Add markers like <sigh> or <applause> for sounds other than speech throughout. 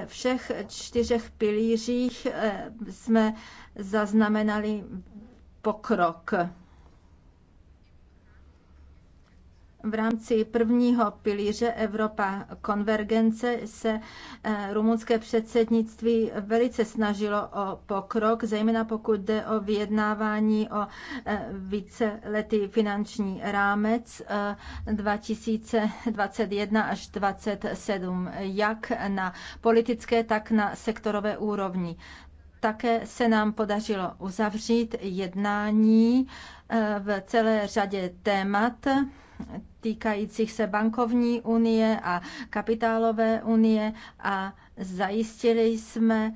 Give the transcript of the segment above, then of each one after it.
ve všech čtyřech pilířích eh, jsme zaznamenali pokrok. V rámci prvního pilíře Evropa konvergence se eh, rumunské předsednictví velice snažilo o pokrok, zejména pokud jde o vyjednávání o eh, víceletý finanční rámec 2021 eh, až 2027, jak na politické, tak na sektorové úrovni. Také se nám podařilo uzavřít jednání v celé řadě témat týkajících se bankovní unie a kapitálové unie a zajistili jsme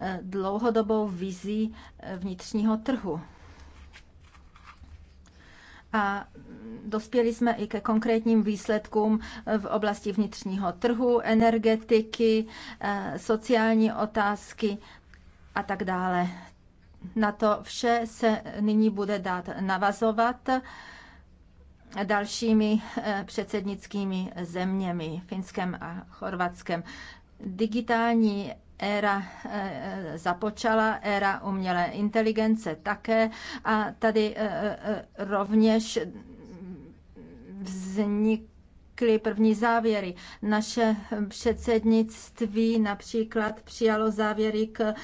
eh, dlouhodobou vizi eh, vnitřního trhu. A dospěli jsme i ke konkrétním výsledkům eh, v oblasti vnitřního trhu, energetiky, sociální otázky a tak dále. Na to vše se nyní bude dát navazovat dalšími eh, předsednickými zeměmi, Finskem a Chorvatskem. Digitální éra eh, započala, éra umělé inteligence také a tady eh, rovněž vznik vznikly první závěry. Naše předsednictví například přijalo závěry k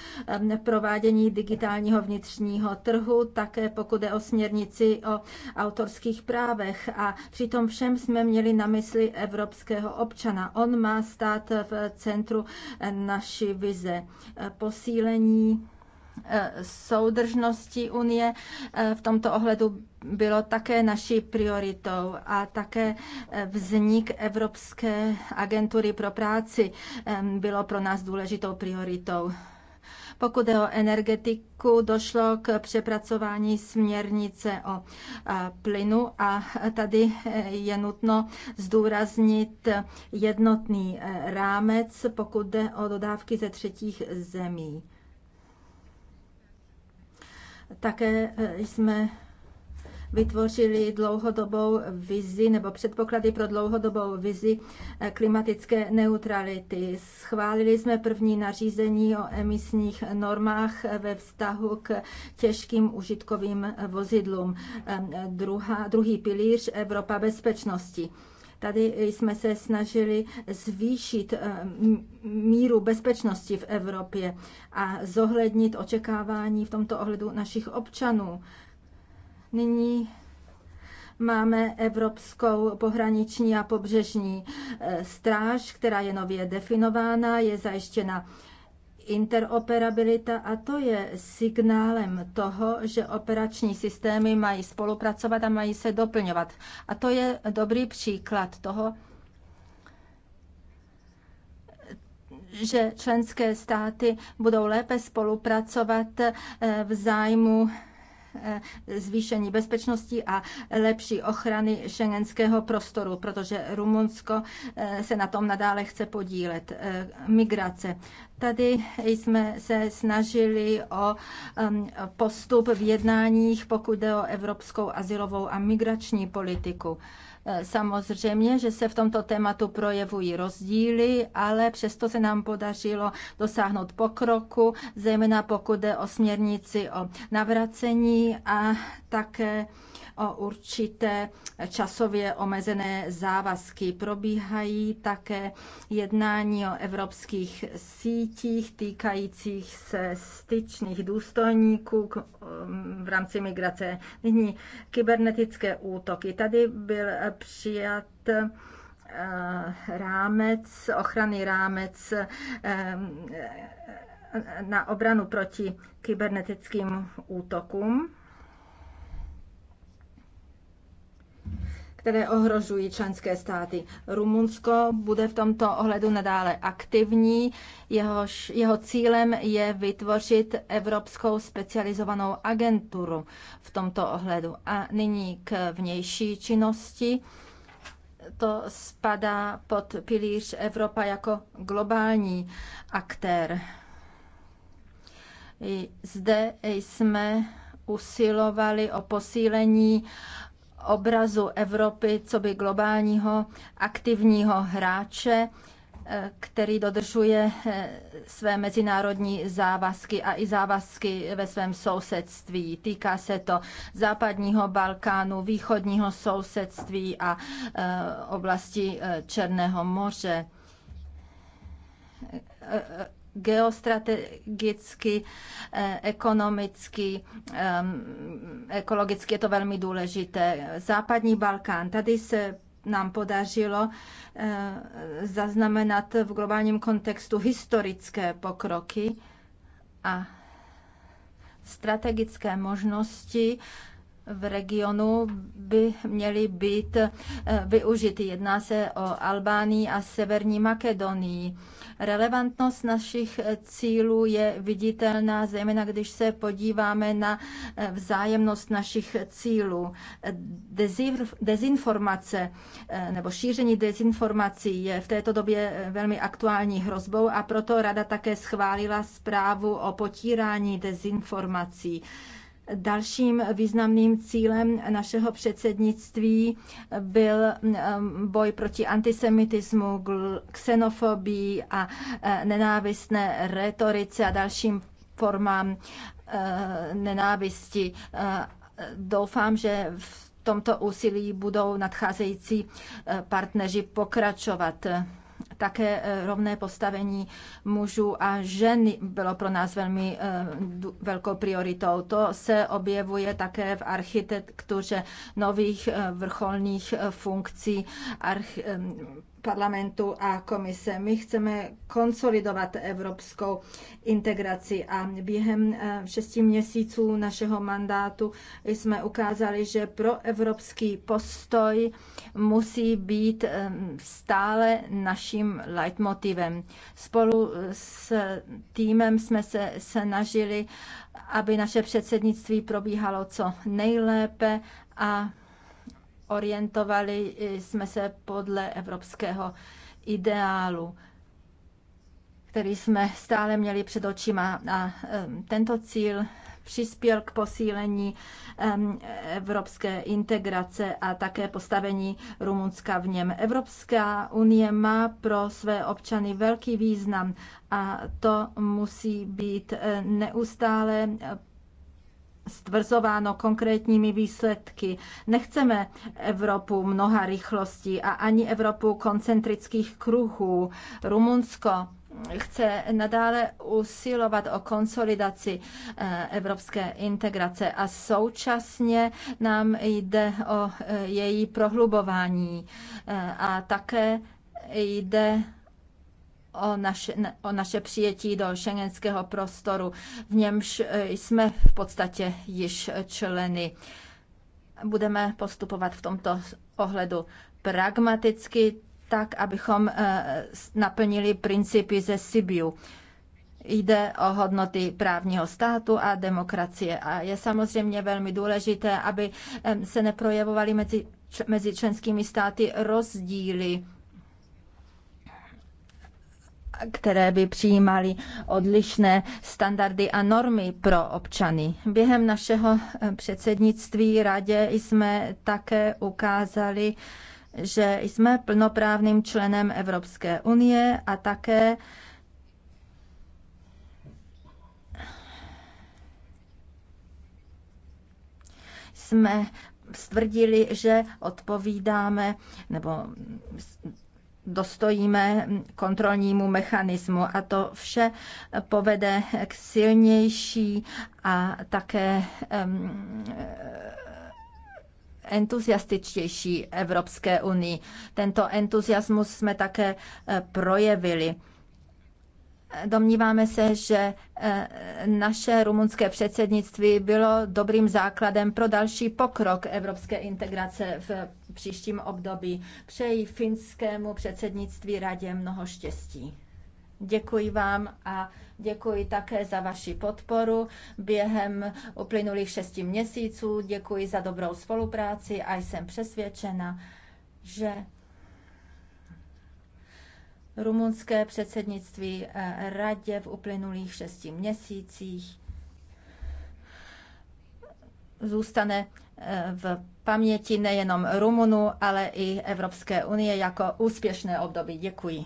provádění digitálního vnitřního trhu, také pokud je o směrnici o autorských právech. A přitom všem jsme měli na mysli evropského občana. On má stát v centru naší vize. Posílení Eh, soudržnosti Unie eh, v tomto ohledu bylo také naší prioritou a také eh, vznik Evropské agentury pro práci bylo pro nás důležitou prioritou. Pokud je o energetiku, došlo k přepracování směrnice o plynu a tady je nutno zdůraznit jednotný rámec, pokud jde o dodávky ze třetích zemí. Také e, jsme vytvořili dlouhodobou vizi nebo předpoklady pro dlouhodobou vizi e, klimatické neutrality. Schválili jsme první nařízení o emisních normách e, ve vztahu k těžkým užitkovým vozidlům. Druhá, druhý pilíř Evropa bezpečnosti. Tady jsme se snažili zvýšit eh, míru bezpečnosti v Evropě a zohlednit očekávání v tomto ohledu našich občanů. Nyní máme Evropskou pohraniční a pobřežní eh, stráž, která je nově definována, je zajištěna interoperabilita a to je signálem toho, že operační systémy mají spolupracovat a mají se doplňovat. A to je dobrý příklad toho, že členské státy budou lépe spolupracovat eh, v zájmu Eh, zvýšení bezpečnosti a lepší ochrany šengenského prostoru, protože Rumunsko eh, se na tom nadále chce podílet. Eh, migrace. Tady jsme se snažili o postup v jednáních, pokud jde o evropskou asilovou a migrační politiku. Eh, samozřejmě, že se v tomto tématu projevují rozdíly, ale přesto se nám podařilo dosáhnout pokroku, zejména pokud jde o směrnici o navracení a také o určité časově omezené závazky. Probíhají také jednání o evropských sítích týkajících se styčných důstojníků eh, v rámci migrace. Nyní kybernetické útoky. Tady byl přijat eh, rámec, ochranný rámec eh, na obranu proti kybernetickým útokům které ohrožují členské státy. Rumunsko bude v tomto ohledu nadále aktivní. Jehož, jeho cílem je vytvořit evropskou specializovanou agenturu v tomto ohledu. A nyní k vnější činnosti to spadá pod pilíř Evropa jako globální aktér. I zde jsme usilovali o posílení obrazu Evropy co by globálního aktivního hráče, eh, který dodržuje eh, své mezinárodní závazky a i závazky ve svém sousedství. Týká se to západního Balkánu, východního sousedství a eh, oblasti Černého moře geostrategicky, eh, ekonomicky, ekologicky je to velmi důležité. Západní Balkán, tady se nám podařilo eh, zaznamenat v globálním kontextu historické pokroky a strategické možnosti v regionu by měly být eh, využity. Jedná se o Albánii a Severní Makedonii. Relevantnost našich eh, cílů je viditelná, zejména když se podíváme na eh, vzájemnost našich cílů. Dezinformace nebo šíření dezinformací je v této době velmi aktuální hrozbou a proto Rada také schválila zprávu o potírání dezinformací. Dalším významným cílem našeho předsednictví byl um, boj proti antisemitismu, xenofobii a eh, nenávistné retorice a dalším formám eh, nenávisti. Eh, doufám, že v tomto úsilí budou nadcházející partneři pokračovat také eh, rovné postavení mužů a žen bylo pro nás velmi eh, velkou prioritou. To se objevuje také v architektuře nových eh, vrcholných funkcí parlamentu a komise. My chceme konsolidovat evropskou integraci a během eh, šesti měsíců našeho mandátu jsme ukázali, že pro evropský postoj musí být eh, stále naším leitmotivem. Spolu s týmem jsme se snažili, aby naše předsednictví probíhalo co nejlépe a orientovali jsme se podle evropského ideálu, který jsme stále měli před očima. A tento cíl přispěl k posílení evropské integrace a také postavení Rumunska v něm. Evropská unie má pro své občany velký význam a to musí být neustále stvrzováno konkrétními výsledky. Nechceme Evropu mnoha rychlostí a ani Evropu koncentrických kruhů. Rumunsko chce nadále usilovat o konsolidaci eh, evropské integrace a současně nám jde o eh, její prohlubování eh, a také jde o naše, o naše přijetí do šengenského prostoru, v němž e, jsme v podstatě již členy. Budeme postupovat v tomto ohledu pragmaticky, tak, abychom e, naplnili principy ze Sibiu. Jde o hodnoty právního státu a demokracie. A je samozřejmě velmi důležité, aby se neprojevovaly mezi, mezi členskými státy rozdíly které by přijímaly odlišné standardy a normy pro občany. Během našeho eh, předsednictví radě jsme také ukázali, že jsme plnoprávným členem Evropské unie a také jsme stvrdili, že odpovídáme nebo dostojíme kontrolnímu mechanismu a to vše povede k silnější a také entuziastičtější Evropské unii. Tento entuziasmus jsme také eh, projevili Domníváme se, že eh, naše rumunské předsednictví bylo dobrým základem pro další pokrok evropské integrace v příštím období. Přeji finskému předsednictví radě mnoho štěstí. Děkuji vám a děkuji také za vaši podporu během uplynulých šesti měsíců. Děkuji za dobrou spolupráci a jsem přesvědčena, že rumunské předsednictví eh, radě v uplynulých šesti měsících zůstane eh, v paměti nejenom Rumunu, ale i Evropské unie jako úspěšné období. Děkuji.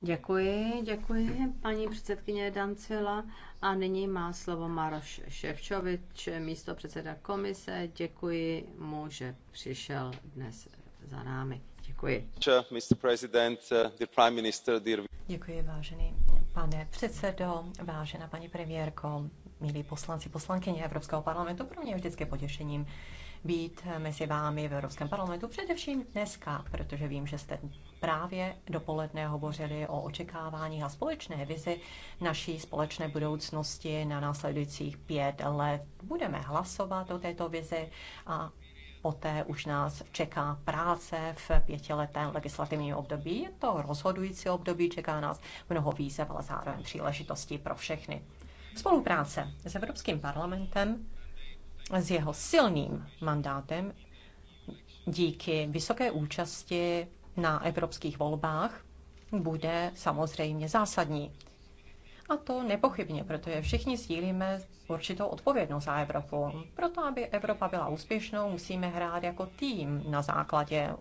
Děkuji, děkuji paní předsedkyně Dancila. A nyní má slovo Maroš Ševčovič, místo předseda komise. Děkuji mu, že přišel dnes za námi. Uh, Děkuji. vážený pane předsedo, vážená paní premiérko, milí poslanci, poslankyně Evropského parlamentu. Pro mě je vždycky potěšením být mezi vámi v Evropském parlamentu, především dneska, protože vím, že jste právě dopoledne hovořili o očekávání a společné vizi naší společné budoucnosti na následujících pět let. Budeme hlasovat o této vizi a poté už nás čeká práce v pětiletém legislativním období. Je to rozhodující období, čeká nás mnoho výzev, ale zároveň příležitostí pro všechny. Spolupráce s Evropským parlamentem, s jeho silným mandátem, díky vysoké účasti na evropských volbách, bude samozřejmě zásadní. A to nepochybně, protože všichni sdílíme určitou odpovědnost za Evropu. Proto, aby Evropa byla úspěšnou, musíme hrát jako tým na základě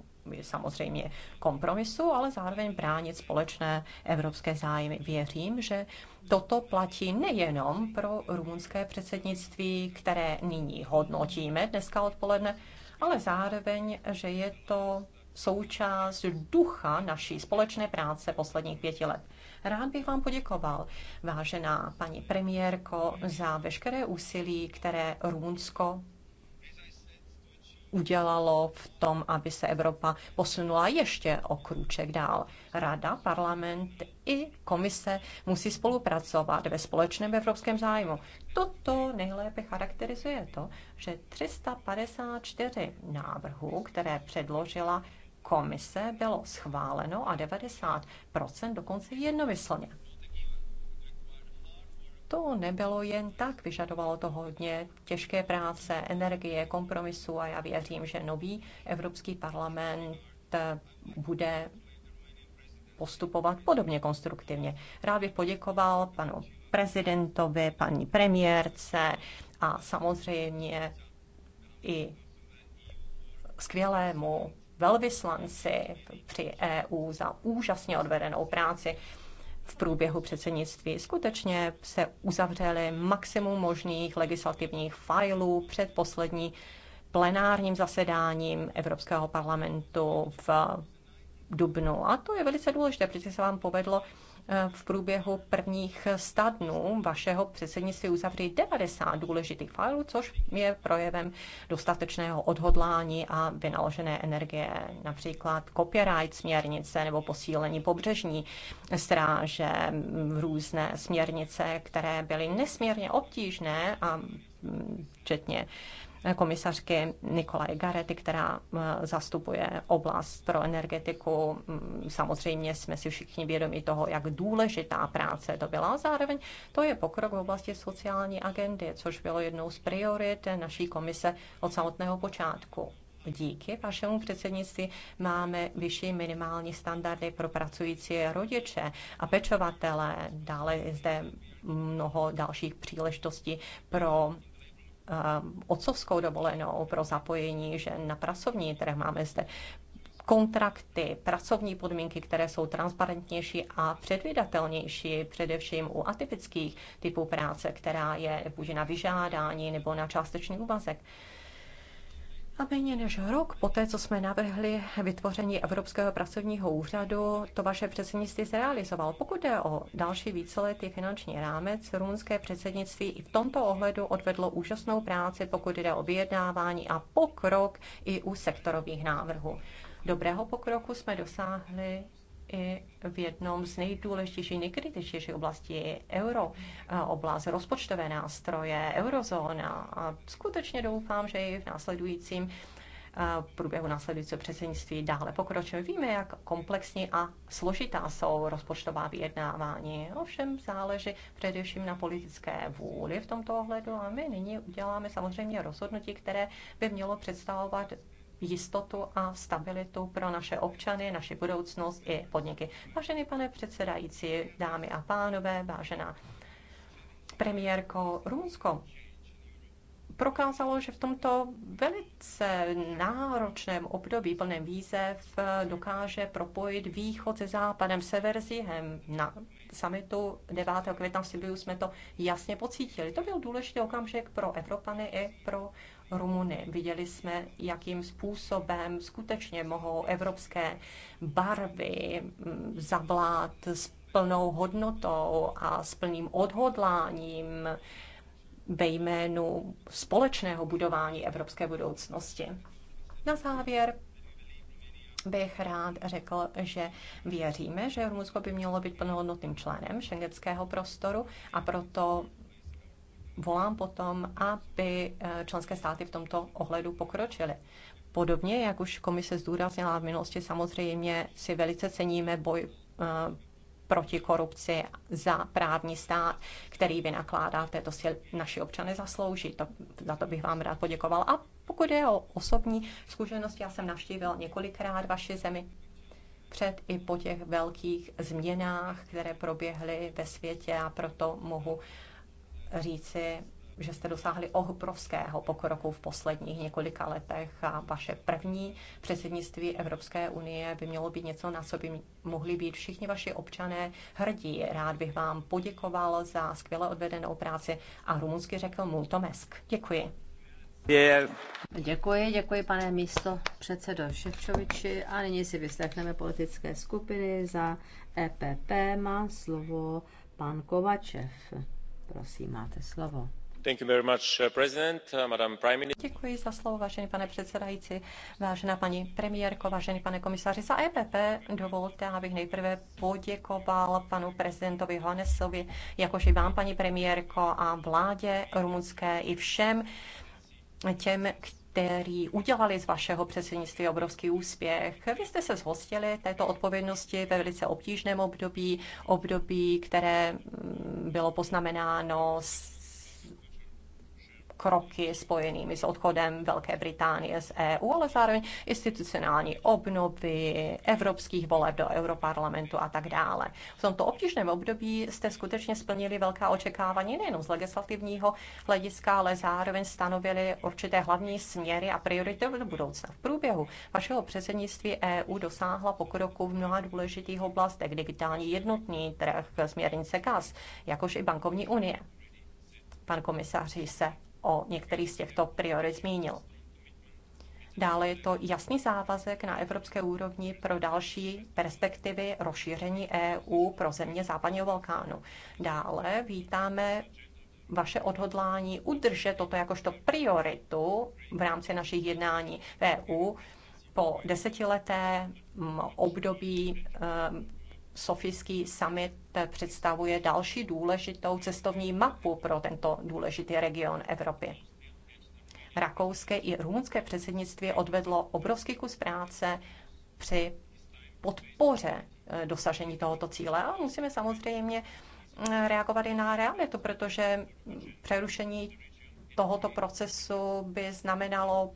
samozřejmě kompromisu, ale zároveň bránit společné evropské zájmy. Věřím, že toto platí nejenom pro rumunské předsednictví, které nyní hodnotíme dneska odpoledne, ale zároveň, že je to součást ducha naší společné práce posledních pěti let. Rád bych vám poděkoval, vážená paní premiérko, za veškeré úsilí, které Rumunsko udělalo v tom, aby se Evropa posunula ještě o krůček dál. Rada, parlament i komise musí spolupracovat ve společném evropském zájmu. Toto nejlépe charakterizuje to, že 354 návrhů, které předložila komise bylo schváleno a 90% dokonce jednomyslně. To nebylo jen tak, vyžadovalo to hodně těžké práce, energie, kompromisu a já věřím, že nový Evropský parlament eh, bude postupovat podobně konstruktivně. Rád bych poděkoval panu prezidentovi, paní premiérce a samozřejmě i skvělému velvyslanci při EU za úžasně odvedenou práci v průběhu předsednictví. Skutečně se uzavřely maximum možných legislativních fajlů před poslední plenárním zasedáním Evropského parlamentu v dubnu. A to je velice důležité, protože se vám povedlo v průběhu prvních 100 dnů vašeho předsednictví uzavřít 90 důležitých fajlů, což je projevem dostatečného odhodlání a vynaložené energie, například copyright směrnice nebo posílení pobřežní stráže, různé směrnice, které byly nesmírně obtížné a mm, včetně komisařky Nikolaj Garety, která eh, zastupuje oblast pro energetiku. Mm, samozřejmě jsme si všichni vědomi toho, jak důležitá práce to byla. Zároveň to je pokrok v oblasti sociální agendy, což bylo jednou z priorit naší komise od samotného počátku. Díky vašemu předsednictví máme vyšší minimální standardy pro pracující rodiče a pečovatele. Dále je zde mnoho dalších příležitostí pro Eh, otcovskou dovolenou pro zapojení žen na pracovní trh. Máme zde kontrakty, pracovní podmínky, které jsou transparentnější a předvydatelnější, především u atypických typů práce, která je buď na vyžádání nebo na částečný úvazek. A méně než rok poté, co jsme navrhli vytvoření Evropského pracovního úřadu, to vaše předsednictví se realizovalo. Pokud jde o další víceletý finanční rámec, rumunské předsednictví i v tomto ohledu odvedlo úžasnou práci, pokud jde o vyjednávání a pokrok i u sektorových návrhů. Dobrého pokroku jsme dosáhli i v jednom z nejdůležitějších, nejkritičtějších oblastí euro, oblast rozpočtové nástroje, eurozóna. A skutečně doufám, že i v následujícím v průběhu následujícího předsednictví dále pokročil. Víme, jak komplexní a složitá jsou rozpočtová vyjednávání. Ovšem záleží především na politické vůli v tomto ohledu a my nyní uděláme samozřejmě rozhodnutí, které by mělo představovat jistotu a stabilitu pro naše občany, naši budoucnost i podniky. Vážený pane předsedající, dámy a pánové, vážená premiérko, Rumunsko prokázalo, že v tomto velice náročném období plném výzev dokáže propojit východ se západem, sever s jihem. Na samitu 9. května v Sibiu jsme to jasně pocítili. To byl důležitý okamžik pro Evropany i pro Rumuny. Viděli jsme, jakým způsobem skutečně mohou evropské barvy mm, zablát s plnou hodnotou a s plným odhodláním ve jménu společného budování evropské budoucnosti. Na závěr bych rád řekl, že věříme, že Rumunsko by mělo být plnohodnotným členem šengenského prostoru a proto volám potom, aby eh, členské státy v tomto ohledu pokročily. Podobně, jak už komise zdůraznila v minulosti, samozřejmě si velice ceníme boj eh, proti korupci, za právní stát, který vynakládá v této si naši občany zaslouží. To, za to bych vám rád poděkoval. A pokud je o osobní zkušenosti, já jsem navštívil několikrát vaši zemi před i po těch velkých změnách, které proběhly ve světě a proto mohu říci, že jste dosáhli obrovského pokroku v posledních několika letech a vaše první předsednictví Evropské unie by mělo být něco, na co by mohli být všichni vaši občané hrdí. Rád bych vám poděkoval za skvěle odvedenou práci a rumunsky řekl Multomesk. Děkuji. Yeah. Děkuji, děkuji pane místo předsedo Ševčoviči a nyní si vyslechneme politické skupiny za EPP. Má slovo pan Kovačev. Prosím, máte slovo. Děkuji za vážený pane předsedající, vážená paní premiérko, vážený pane komisaři. Za EPP dovolte, abych nejprve poděkoval panu prezidentovi Hanesovi, jakož i vám, paní premiérko, a vládě rumunské i všem těm, kteří udělali z vašeho předsednictví obrovský úspěch. Vy jste se zhostili této odpovědnosti ve velice obtížném období, období, které mm, bylo poznamenáno s kroky spojenými s odchodem Velké Británie z EU, ale zároveň institucionální obnovy evropských voleb do Europarlamentu a tak dále. V tomto obtížném období jste skutečně splnili velká očekávání nejenom z legislativního hlediska, ale zároveň stanovili určité hlavní směry a priority do budoucna. V průběhu vašeho předsednictví EU dosáhla pokroku v mnoha důležitých oblastech, digitální jednotný trh, směrnice GAS, jakož i bankovní unie. Pan komisař se o některých z těchto priorit zmínil. Dále je to jasný závazek na evropské úrovni pro další perspektivy rozšíření EU pro země západního Balkánu. Dále vítáme vaše odhodlání udržet toto jakožto prioritu v rámci našich jednání v EU po desetileté mm, období Sofijský summit eh, představuje další důležitou cestovní mapu pro tento důležitý region Evropy. Rakouské i rumunské předsednictví odvedlo obrovský kus práce při podpoře eh, dosažení tohoto cíle a musíme samozřejmě eh, reagovat i na realitu, protože přerušení tohoto procesu by znamenalo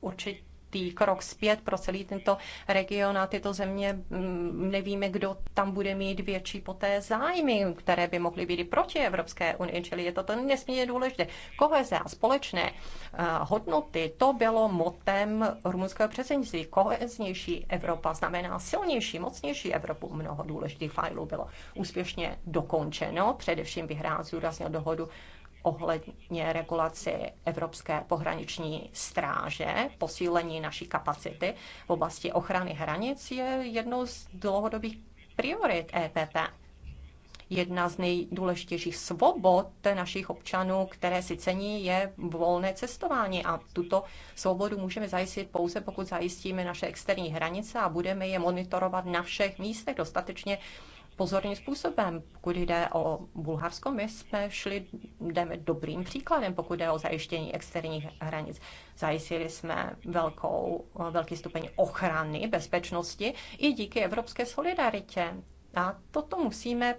určitě určitý krok zpět pro celý tento region a tyto země. Mm, nevíme, kdo tam bude mít větší poté zájmy, které by mohly být i proti Evropské unii, čili je to to nesmírně důležité. Koheze a společné eh, hodnoty, to bylo motem rumunského předsednictví. Koheznější Evropa znamená silnější, mocnější Evropu. Mnoho důležitých fajlů bylo úspěšně dokončeno, především bych rád zúraznil dohodu ohledně regulaci Evropské pohraniční stráže, posílení naší kapacity v oblasti ochrany hranic je jednou z dlouhodobých priorit EPP. Jedna z nejdůležitějších svobod našich občanů, které si cení, je volné cestování. A tuto svobodu můžeme zajistit pouze, pokud zajistíme naše externí hranice a budeme je monitorovat na všech místech dostatečně pozorným způsobem. Pokud jde o Bulharsko, my jsme šli, jdeme dobrým příkladem, pokud jde o zajištění externích hranic. Zajistili jsme velkou, velký stupeň ochrany, bezpečnosti i díky evropské solidaritě. A toto musíme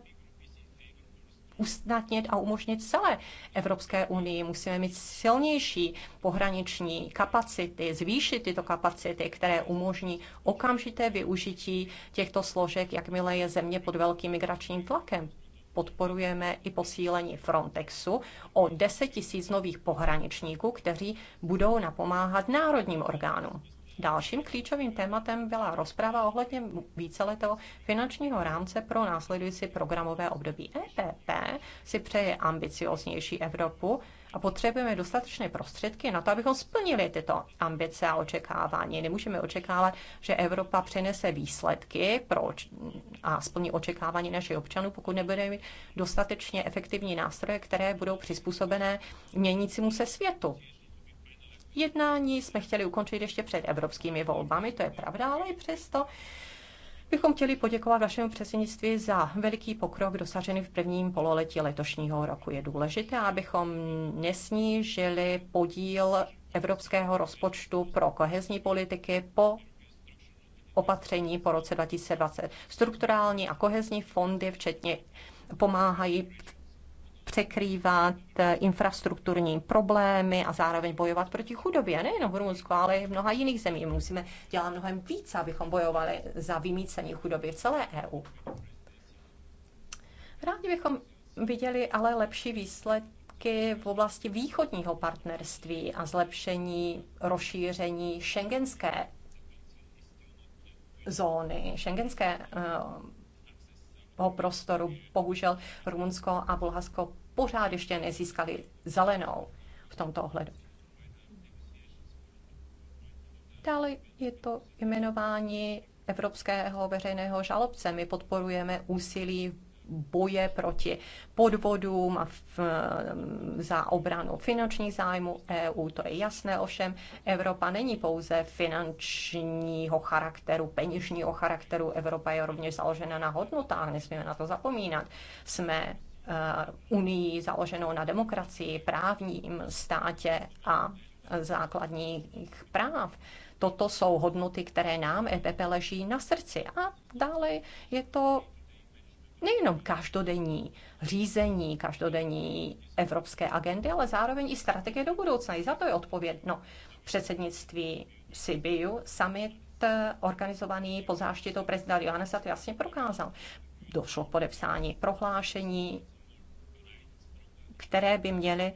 usnadnit a umožnit celé Evropské unii. Musíme mít silnější pohraniční kapacity, zvýšit tyto kapacity, které umožní okamžité využití těchto složek, jakmile je země pod velkým migračním tlakem podporujeme i posílení Frontexu o 10 000 nových pohraničníků, kteří budou napomáhat národním orgánům. Dalším klíčovým tématem byla rozprava ohledně víceletého finančního rámce pro následující programové období. EPP si přeje ambicioznější Evropu a potřebujeme dostatečné prostředky na to, abychom splnili tyto ambice a očekávání. Nemůžeme očekávat, že Evropa přinese výsledky pro a splní očekávání našich občanů, pokud nebudeme mít dostatečně efektivní nástroje, které budou přizpůsobené měnícímu se světu. Jednání jsme chtěli ukončit ještě před evropskými volbami, to je pravda, ale i přesto bychom chtěli poděkovat vašemu předsednictví za veliký pokrok dosažený v prvním pololetí letošního roku. Je důležité, abychom nesnížili podíl evropského rozpočtu pro kohezní politiky po opatření po roce 2020. Strukturální a kohezní fondy, včetně pomáhají překrývat eh, infrastrukturní problémy a zároveň bojovat proti chudobě. Nejenom v Rumunsku, ale i v mnoha jiných zemích. Musíme dělat mnohem více, abychom bojovali za vymícení chudoby v celé EU. Rádi bychom viděli ale lepší výsledky v oblasti východního partnerství a zlepšení rozšíření šengenské zóny, šengenské eh, prostoru. Bohužel Rumunsko a Bulharsko pořád ještě nezískali zelenou v tomto ohledu. Dále je to jmenování evropského veřejného žalobce. My podporujeme úsilí boje proti podvodům a v, za obranu finančních zájmů EU. To je jasné, ovšem Evropa není pouze finančního charakteru, peněžního charakteru. Evropa je rovněž založena na hodnotách, nesmíme na to zapomínat. Jsme eh, unii založenou na demokracii, právním státě a základních práv. Toto jsou hodnoty, které nám EPP leží na srdci. A dále je to nejenom každodenní řízení, každodenní evropské agendy, ale zároveň i strategie do budoucna. I za to je odpovědno předsednictví Sibiu. Summit eh, organizovaný pod záštitou prezidenta Johannesa to jasně prokázal. Došlo k podepsání prohlášení, které by měly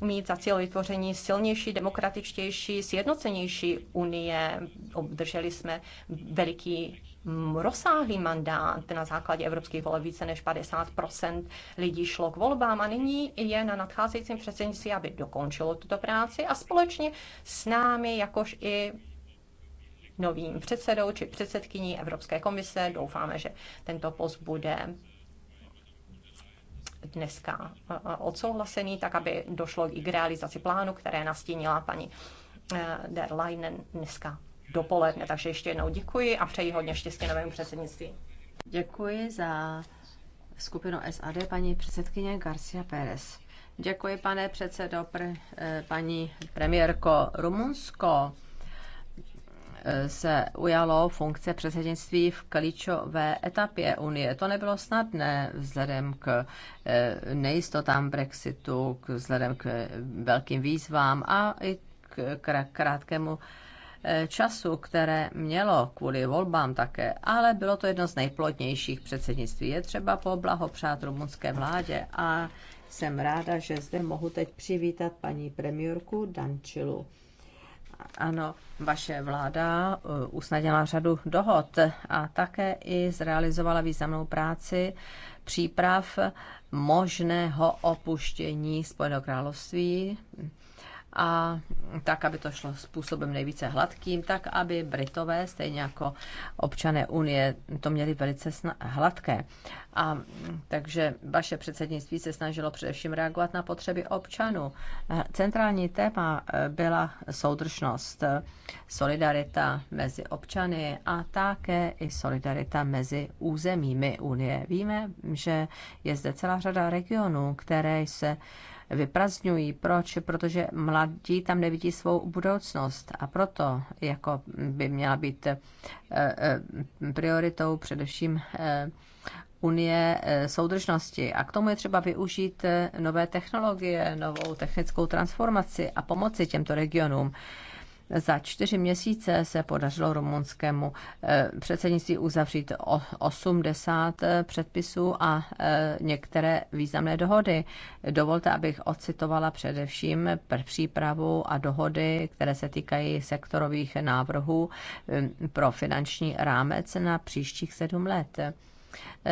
mít za cíl vytvoření silnější, demokratičtější, sjednocenější unie. Obdrželi jsme veliký rozsáhlý mandát na základě evropských voleb. Více než 50 lidí šlo k volbám a nyní je na nadcházejícím předsednictví, aby dokončilo tuto práci a společně s námi, jakož i novým předsedou či předsedkyní Evropské komise. Doufáme, že tento post bude dneska e, odsouhlasený, tak aby došlo i k realizaci plánu, které nastínila paní e, der Leinen dneska dopoledne. Takže ještě jednou děkuji a přeji hodně štěstí novému předsednictví. Děkuji za skupinu SAD paní předsedkyně Garcia Pérez. Děkuji, pane předsedo, pr- eh, paní premiérko Rumunsko eh, se ujalo funkce předsednictví v klíčové etapě Unie. To nebylo snadné vzhledem k eh, nejistotám Brexitu, vzhledem k velkým výzvám a i k krátkému Eh, času, které mělo kvůli volbám také, ale bylo to jedno z nejplodnějších předsednictví. Je třeba poblahopřát rumunské vládě a jsem ráda, že zde mohu teď přivítat paní premiérku Dančilu. Ano, vaše vláda eh, usnadnila řadu dohod a také i zrealizovala významnou práci příprav možného opuštění Spojeného království a tak, aby to šlo způsobem nejvíce hladkým, tak, aby Britové, stejně jako občané Unie, to měli velice hladké. A takže vaše předsednictví se snažilo především reagovat na potřeby občanů. Centrální téma byla soudržnost, solidarita mezi občany a také i solidarita mezi územími Unie. Víme, že je zde celá řada regionů, které se vyprazňují. Proč? Protože mladí tam nevidí svou budoucnost a proto jako by měla být eh, eh, prioritou především eh, Unie soudržnosti. A k tomu je třeba využít nové technologie, novou technickou transformaci a pomoci těmto regionům. Za čtyři měsíce se podařilo rumunskému eh, předsednictví uzavřít 80 eh, předpisů a eh, některé významné dohody. Dovolte, abych ocitovala především přípravu a dohody, které se týkají sektorových návrhů pro finanční rámec na příštích sedm let.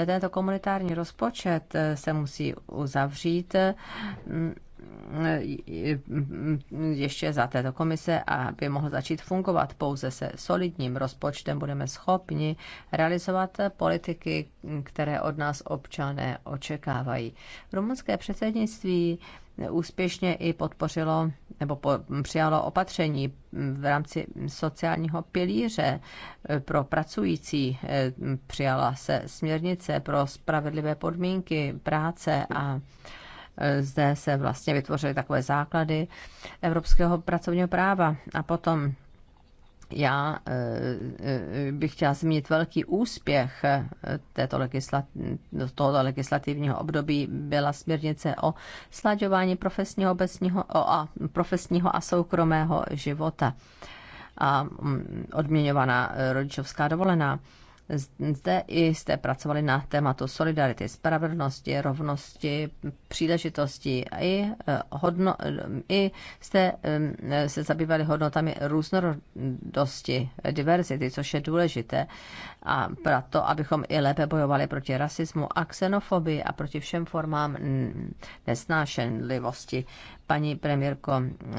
Tento komunitární rozpočet se musí uzavřít mm, Eh, ještě za této komise, aby mohl začít fungovat. Pouze se solidním rozpočtem budeme schopni realizovat politiky, které od nás občané očekávají. Rumunské předsednictví úspěšně i podpořilo nebo po, přijalo opatření v rámci sociálního pilíře pro pracující. Eh, přijala se směrnice pro spravedlivé podmínky práce a Eh, zde se vlastně vytvořily takové základy evropského pracovního práva. A potom já eh, eh, bych chtěla zmínit velký úspěch této legislat- no, tohoto legislativního období byla směrnice o slaďování profesního, obecního, a, profesního a soukromého života a mm, odměňovaná rodičovská dovolená. Zde i jste pracovali na tématu solidarity, spravedlnosti, rovnosti, příležitosti a i, eh, hodno, eh, i jste eh, se zabývali hodnotami různorodosti, diverzity, což je důležité a proto, abychom i lépe bojovali proti rasismu a xenofobii a proti všem formám nesnášenlivosti. Paní premiérko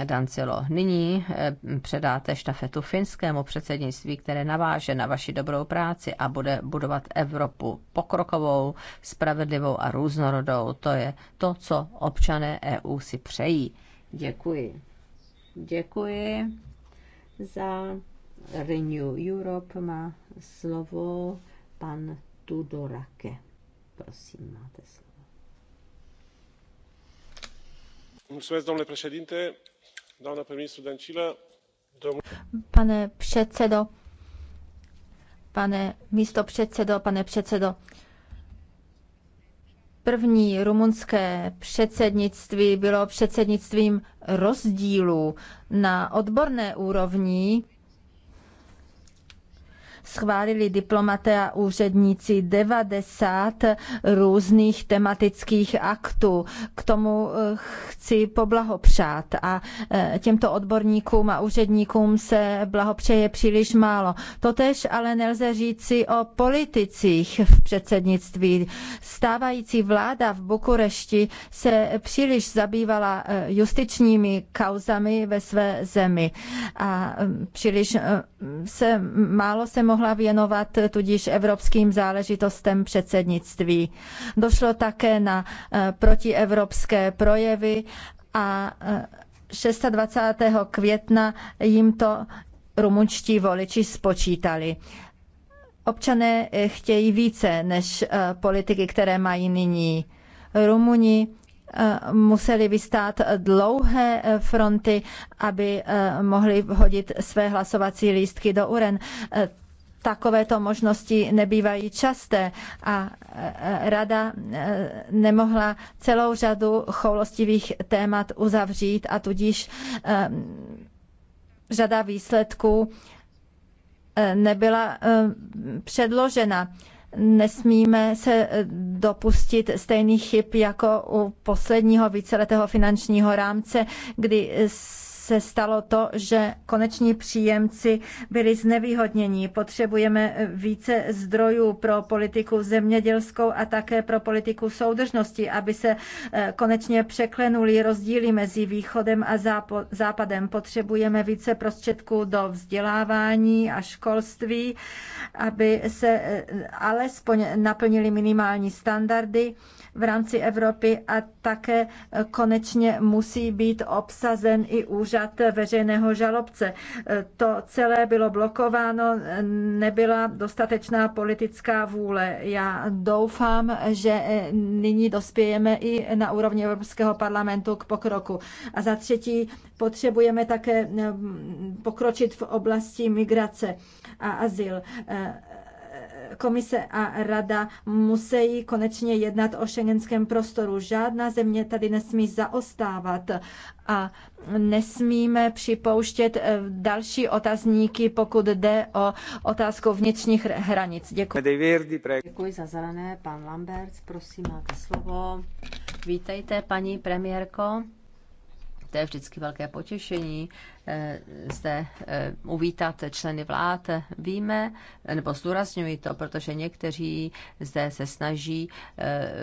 Dancilo, nyní eh, předáte štafetu finskému předsednictví, které naváže na vaši dobrou práci a bude budovat Evropu pokrokovou, spravedlivou a různorodou. To je to, co občané EU si přejí. Děkuji. Děkuji za Renew Europe má slovo pan Tudorake. Prosím, máte slovo. Mulțumesc, domnule președinte, doamna prim-ministru Dăncilă, Pane předsedo, pane místo předsedo, pane předsedo, První rumunské předsednictví bylo předsednictvím rozdílů. Na odborné úrovni schválili diplomaté a úředníci 90 různých tematických aktů. K tomu eh, chci poblahopřát a eh, těmto odborníkům a úředníkům se blahopřeje příliš málo. Totež ale nelze říci o politicích v předsednictví. Stávající vláda v Bukurešti se příliš zabývala eh, justičními kauzami ve své zemi a mm, příliš se málo se mohla věnovat tudíž evropským záležitostem předsednictví. Došlo také na eh, protievropské projevy a 26. Eh, května jim to rumunští voliči spočítali. Občané eh, chtějí více než politiky, které mají nyní. Rumuni museli vystát dlouhé fronty, aby mohli hodit své hlasovací lístky do uren takovéto možnosti nebývají časté a e, rada e, nemohla celou řadu choulostivých témat uzavřít a tudíž e, řada výsledků nebyla předložena nesmíme se dopustit stejných chyb jako u posledního víceletého finančního rámce, kdy se stalo to, že koneční příjemci byli znevýhodněni. Potřebujeme více zdrojů pro politiku zemědělskou a také pro politiku soudržnosti, aby se eh, konečně překlenuly rozdíly mezi východem a západem. Potřebujeme více prostředků do vzdělávání a školství, aby se eh, alespoň naplnili minimální standardy v rámci Evropy a také konečně musí být obsazen i úřad veřejného žalobce. To celé bylo blokováno, nebyla dostatečná politická vůle. Já doufám, že nyní dospějeme i na úrovni Evropského parlamentu k pokroku. A za třetí, potřebujeme také pokročit v oblasti migrace a azyl komise a rada musí konečně jednat o šengenském prostoru. Žádná země tady nesmí zaostávat a nesmíme připouštět eh, další otazníky, pokud jde o otázku vnitřních hranic. Děkuji. Děkuji za zelené. Pan Lambert, prosím, máte slovo. Vítejte, paní premiérko. To je vždycky velké potěšení eh, zde eh, uvítat členy vlád. Víme, nebo zdůrazňuji to, protože někteří zde se snaží eh,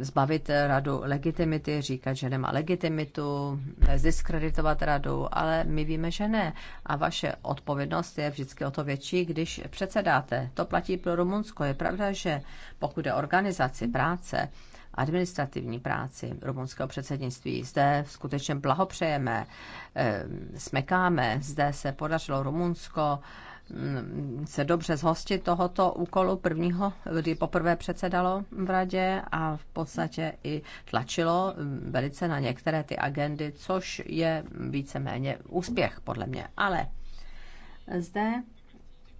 zbavit radu legitimity, říkat, že nemá legitimitu, zdiskreditovat radu, ale my víme, že ne. A vaše odpovědnost je vždycky o to větší, když předsedáte. To platí pro Rumunsko. Je pravda, že pokud je organizaci práce, administrativní práci rumunského předsednictví. Zde skutečně blahopřejeme, eh, smekáme, zde se podařilo Rumunsko mm, se dobře zhostit tohoto úkolu prvního, kdy poprvé předsedalo v radě a v podstatě i tlačilo mm, velice na některé ty agendy, což je víceméně úspěch podle mě. Ale zde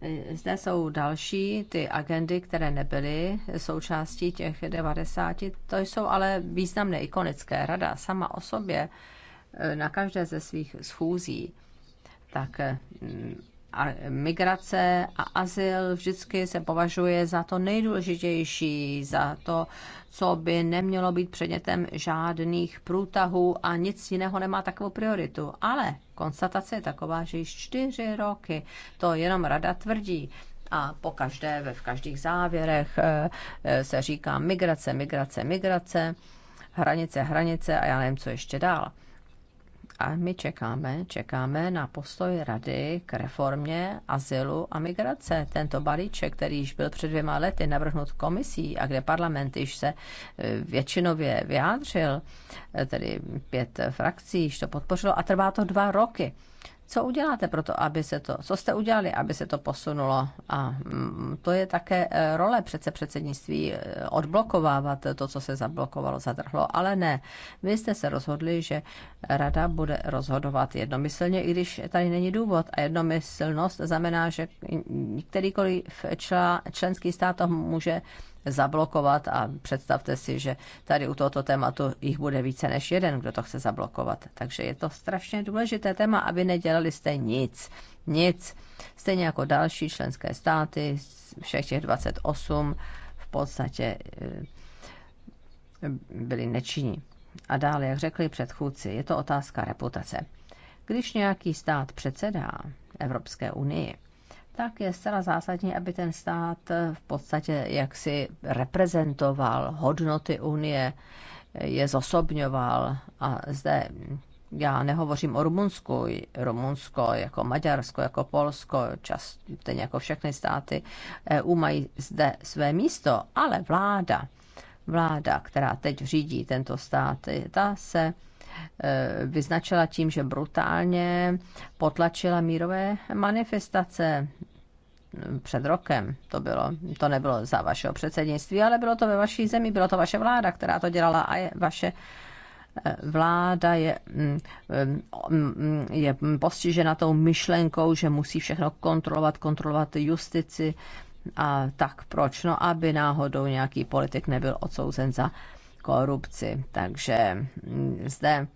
Eh, zde jsou další ty agendy, které nebyly součástí těch 90. To jsou ale významné ikonické. Rada sama o sobě eh, na každé ze svých schůzí tak mm, migrace a azyl vždycky se považuje za to nejdůležitější, za to, co by nemělo být předmětem žádných průtahů a nic jiného nemá takovou prioritu. Ale konstatace je taková, že již čtyři roky to jenom rada tvrdí. A po každé, ve v každých závěrech eh, eh, se říká migrace, migrace, migrace, hranice, hranice a já nevím, co ještě dál. A my čekáme, čekáme na postoj rady k reformě azylu a migrace. Tento balíček, který již byl před dvěma lety navrhnut komisí a kde parlament již se e, většinově vyjádřil, e, tedy pět frakcí již to podpořilo a trvá to dva roky. Co uděláte pro to, aby se to, co jste udělali, aby se to posunulo? A mm, to je také e, role přece předsednictví e, odblokovávat to, co se zablokovalo, zadrhlo, ale ne. Vy jste se rozhodli, že rada bude rozhodovat jednomyslně, i když tady není důvod. A jednomyslnost znamená, že kterýkoliv členský stát to může zablokovat a představte si, že tady u tohoto tématu jich bude více než jeden, kdo to chce zablokovat. Takže je to strašně důležité téma, aby nedělali jste nic. Nic. Stejně jako další členské státy, všech těch 28 v podstatě eh, byli nečinní. A dále, jak řekli předchůdci, je to otázka reputace. Když nějaký stát předsedá Evropské unii, tak je zcela zásadní, aby ten stát v podstatě jaksi reprezentoval hodnoty Unie, je zosobňoval a zde já nehovořím o Rumunsku, Rumunsko jako Maďarsko, jako Polsko, čas, jako všechny státy EU mají zde své místo, ale vláda, vláda, která teď řídí tento stát, ta se Eh, vyznačila tím, že brutálně potlačila mírové manifestace před rokem. To, bylo, to nebylo za vašeho předsednictví, ale bylo to ve vaší zemi, bylo to vaše vláda, která to dělala a je vaše eh, vláda je, mm, mm, mm, je postižena tou myšlenkou, že musí všechno kontrolovat, kontrolovat justici a tak proč? No, aby náhodou nějaký politik nebyl odsouzen za korupci. Takže mm, zde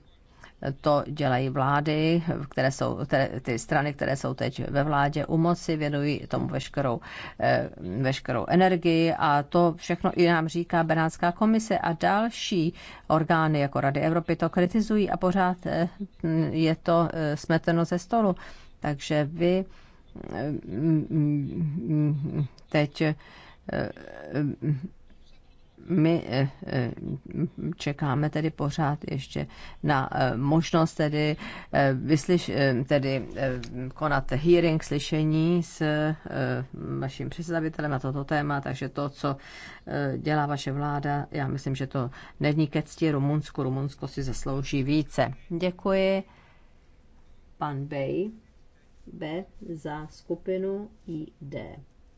to dělají vlády, které jsou, ty strany, které jsou teď ve vládě u moci, věnují tomu veškerou, eh, veškerou energii a to všechno i nám říká Benátská komise a další orgány jako Rady Evropy to kritizují a pořád eh, je to eh, smeteno ze stolu. Takže vy teď my eh, eh, čekáme tedy pořád ještě na eh, možnost tedy, vyslyš, tedy konat hearing, slyšení s vaším představitelem na toto téma, takže to, co dělá vaše vláda, já myslím, že to není ke cti Rumunsku. Rumunsko si zaslouží více. Děkuji pan Bej, B za skupinu ID.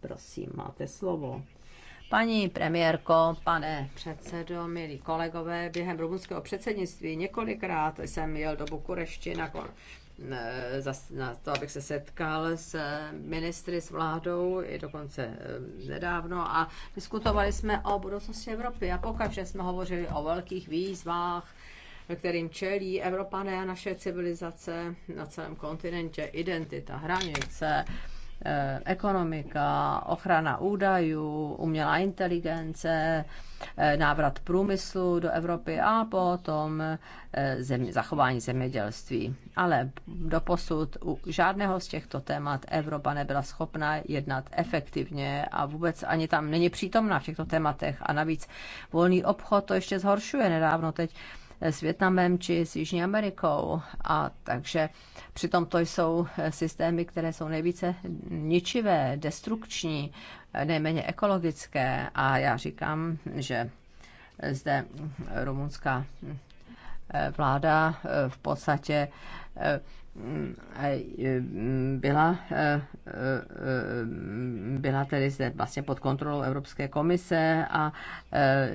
Prosím, máte slovo. Paní premiérko, pane předsedo, milí kolegové, během rumunského předsednictví několikrát jsem jel do Bukurešti na, kon, na to, abych se setkal s ministry, s vládou, i dokonce nedávno, a diskutovali jsme o budoucnosti Evropy. A pokaždé jsme hovořili o velkých výzvách, kterým čelí Evropané a naše civilizace na celém kontinentě, identita, hranice, Eh, ekonomika, ochrana údajů, umělá inteligence, eh, návrat průmyslu do Evropy a potom eh, země, zachování zemědělství. Ale posud u žádného z těchto témat Evropa nebyla schopna jednat efektivně a vůbec ani tam není přítomna v těchto tématech. A navíc volný obchod to ještě zhoršuje nedávno teď s Větnamem či s Jižní Amerikou. A takže přitom to jsou systémy, které jsou nejvíce ničivé, destrukční, nejméně ekologické. A já říkám, že zde rumunská eh, vláda eh, v podstatě eh, E, byla, e, e, byla tedy zde vlastně pod kontrolou Evropské komise a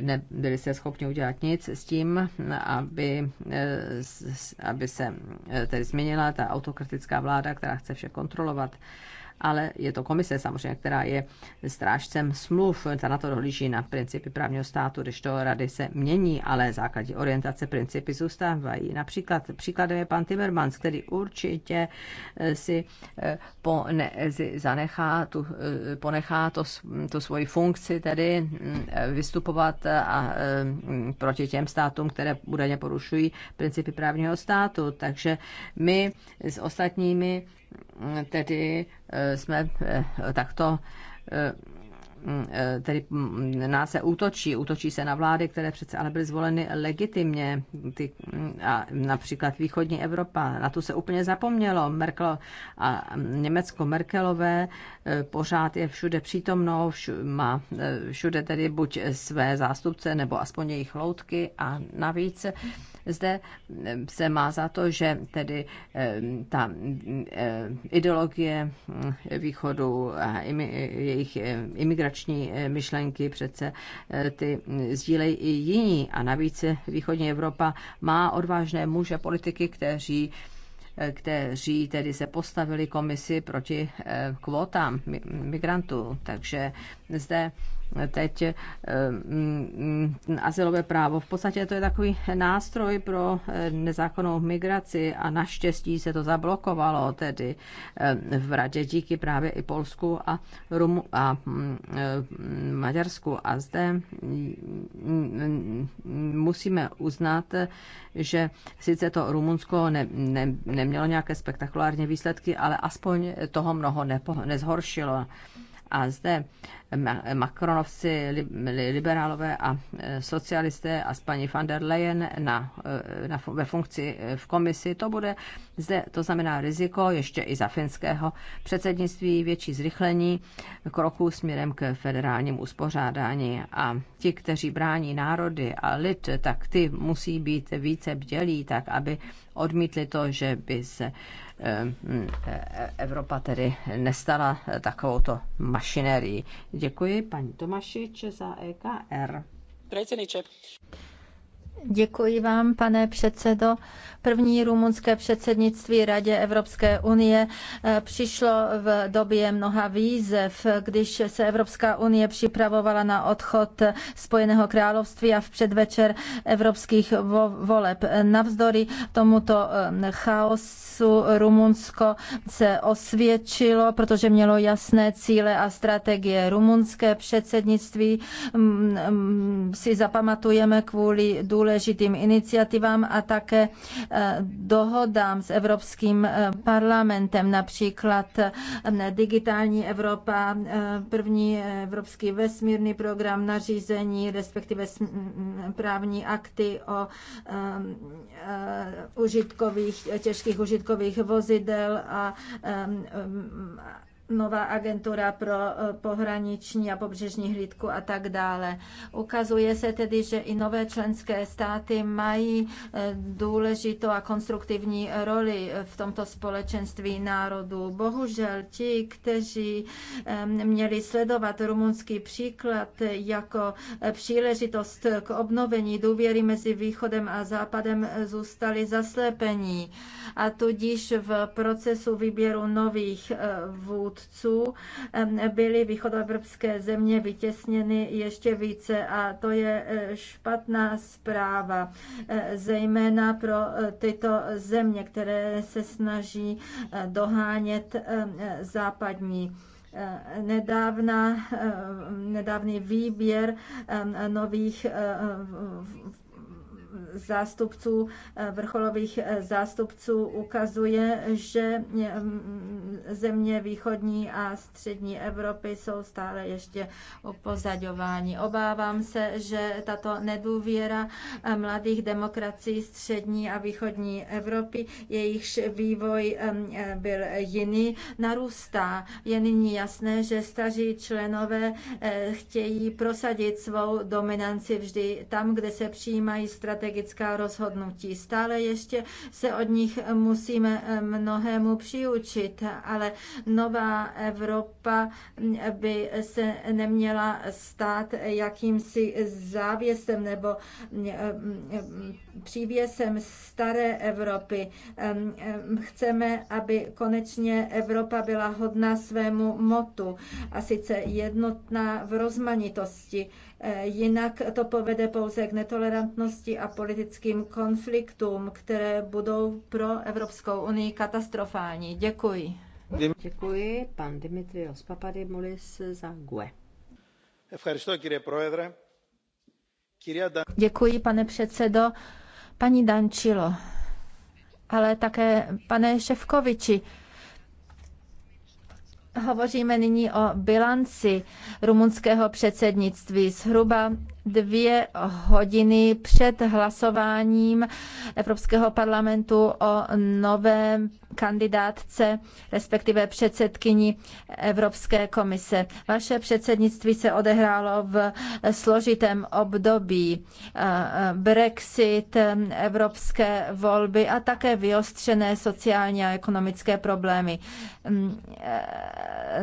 nebyli se schopni udělat nic s tím, aby, aby se tedy změnila ta autokratická vláda, která chce vše kontrolovat ale je to komise samozřejmě, která je strážcem smluv, ta na to dohlíží na principy právního státu, když to rady se mění, ale základní orientace principy zůstávají. Například příkladem je pan Timmermans, který určitě eh, si, eh, po, ne, zanechá tu, eh, ponechá to, tu svoji funkci, tedy mm, vystupovat a, proti těm státům, které údajně porušují principy právního státu. Takže my s ostatními tedy eh, jsme eh, takto eh, tedy mm, mm, nás se útočí, útočí se na vlády, které přece ale byly zvoleny legitimně, ty, mm, a například východní Evropa, na to se úplně zapomnělo, Merkel a Německo Merkelové pořád je všude přítomno, všu, má všude tedy buď své zástupce, nebo aspoň jejich loutky a navíc zde se má za to, že tedy ta ideologie mm, východu a jejich imigrační myšlenky přece e, ty mm, sdílejí i jiní. A navíc východní Evropa má odvážné muže politiky, kteří e, kteří tedy se postavili komisi proti e, kvótám migrantů. Takže zde teď eh, mm, asilové právo. V podstatě to je takový nástroj pro eh, nezákonnou migraci a naštěstí se to zablokovalo tedy eh, v radě díky právě i Polsku a, Rumu a mm, Maďarsku. A zde mm, musíme uznat, že sice to Rumunsko ne, ne, nemělo nějaké spektakulární výsledky, ale aspoň toho mnoho nepo, nezhoršilo. A zde Macronovci, liberálové a e, socialisté a s paní van der Leyen na, e, na, ve funkci e, v komisi, to bude zde, to znamená riziko ještě i za finského předsednictví, větší zrychlení kroků směrem k federálnímu uspořádání a ti, kteří brání národy a lid, tak ty musí být více bdělí, tak aby odmítli to, že by se uh, Ehm, hm, e, e, Evropa tedy nestala takovouto mašinérií. Děkuji paní Tomašič za EKR. Predsjedniče. Děkuji vám, pane předsedo. První rumunské předsednictví Radě Evropské unie eh, přišlo v době mnoha výzev, když se Evropská unie připravovala na odchod Spojeného království a v předvečer evropských voleb. Navzdory tomuto eh, chaosu Rumunsko se osvědčilo, protože mělo jasné cíle a strategie. Rumunské předsednictví mm, mm, si zapamatujeme kvůli důležitosti důležitým iniciativám a také eh, dohodám s Evropským eh, parlamentem, například eh, digitální Evropa, první evropský vesmírný program, nařízení, respektive právní akty o užitkových, těžkých užitkových vozidel a nová agentura pro eh, pohraniční a pobřežní hlídku a tak dále. Ukazuje se tedy, že i nové členské státy mají eh, důležitou a konstruktivní roli eh, v tomto společenství národů. Bohužel ti, kteří měli sledovat rumunský příklad jako příležitost k obnovení důvěry mezi východem a západem, zůstali zaslepení a tudíž v procesu výběru nových vůdců vůdců byly východoevropské země vytěsněny ještě více a to je e, špatná zpráva, e, zejména pro e, tyto země, které se snaží dohánět západní nedávna, nedávný výběr nových zástupců, eh, vrcholových eh, zástupců ukazuje, že mm, země východní a střední Evropy jsou stále ještě upozaďováni. Obávám se, že tato nedůvěra eh, mladých demokracií střední a východní Evropy, jejichž vývoj mm, byl jiný, narůstá. Je nyní jasné, že staří členové chtějí prosadit svou dominanci vždy tam, kde se přijímají strategické politická rozhodnutí. Stále ještě se od nich musíme mnohému přiučit, ale nová Evropa by se neměla stát jakýmsi závěsem nebo mm, mm, přívěsem staré Evropy. Mm, chceme, aby konečně Evropa byla hodná svému motu a sice jednotná v rozmanitosti. Eh, jinak to povede pouze k netolerantnosti a politickým konfliktům, které budou pro Evropskou unii katastrofální. Děkuji. Děkuji, pan Dimitrios Papadimulis za GUE. Děkuji, pane předsedo. Paní Dančilo, ale také pane Ševkoviči, Hovoříme nyní o bilanci rumunského předsednictví. Zhruba dvě hodiny před hlasováním Evropského parlamentu o novém kandidátce, respektive předsedkyni Evropské komise. Vaše předsednictví se odehrálo v složitém období Brexit, evropské volby a také vyostřené sociální a ekonomické problémy.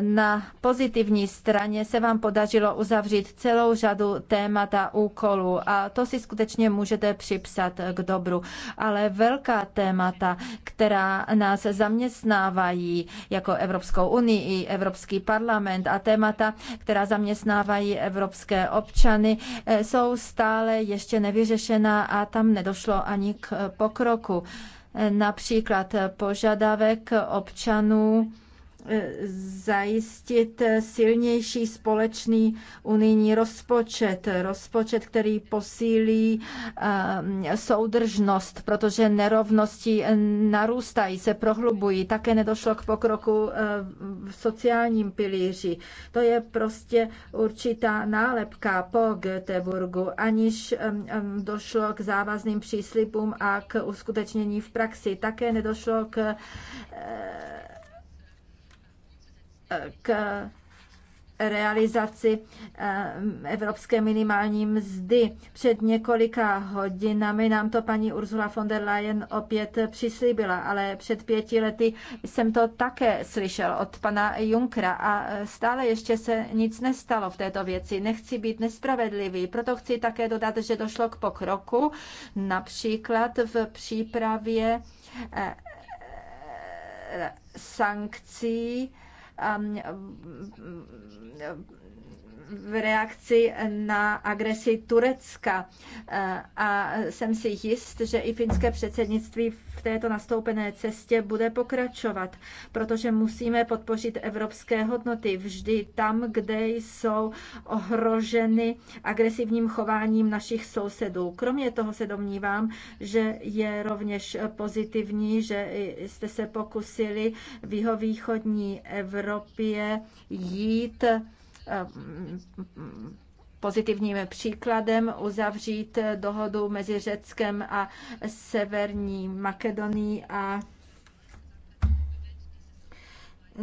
Na pozitivní straně se vám podařilo uzavřít celou řadu témat a úkolů a to si skutečně můžete připsat k dobru. Ale velká témata, která nás se zaměstnávají jako Evropskou unii i Evropský parlament a témata, která zaměstnávají evropské občany, eh, jsou stále ještě nevyřešená a tam nedošlo ani k pokroku. Eh, například požadavek občanů zajistit silnější společný unijní rozpočet, rozpočet, který posílí ehm, soudržnost, protože nerovnosti narůstají, se prohlubují. Také nedošlo k pokroku eh, v sociálním pilíři. To je prostě určitá nálepka po Göteborgu, aniž ehm, ehm, došlo k závazným příslibům a k uskutečnění v praxi. Také nedošlo k eh, k realizaci eh, evropské minimální mzdy. Před několika hodinami nám to paní Ursula von der Leyen opět přislíbila, ale před pěti lety jsem to také slyšel od pana Junkra a eh, stále ještě se nic nestalo v této věci. Nechci být nespravedlivý, proto chci také dodat, že došlo k pokroku, například v přípravě eh, sankcí um, v reakci na agresi Turecka. Eh, a jsem si jist, že i finské předsednictví v této nastoupené cestě bude pokračovat, protože musíme podpořit evropské hodnoty vždy tam, kde jsou ohroženy agresivním chováním našich sousedů. Kromě toho se domnívám, že je rovněž pozitivní, že jste se pokusili v jihovýchodní Evropě jít Eh, pozitivním příkladem uzavřít dohodu mezi Řeckem a Severní Makedonií a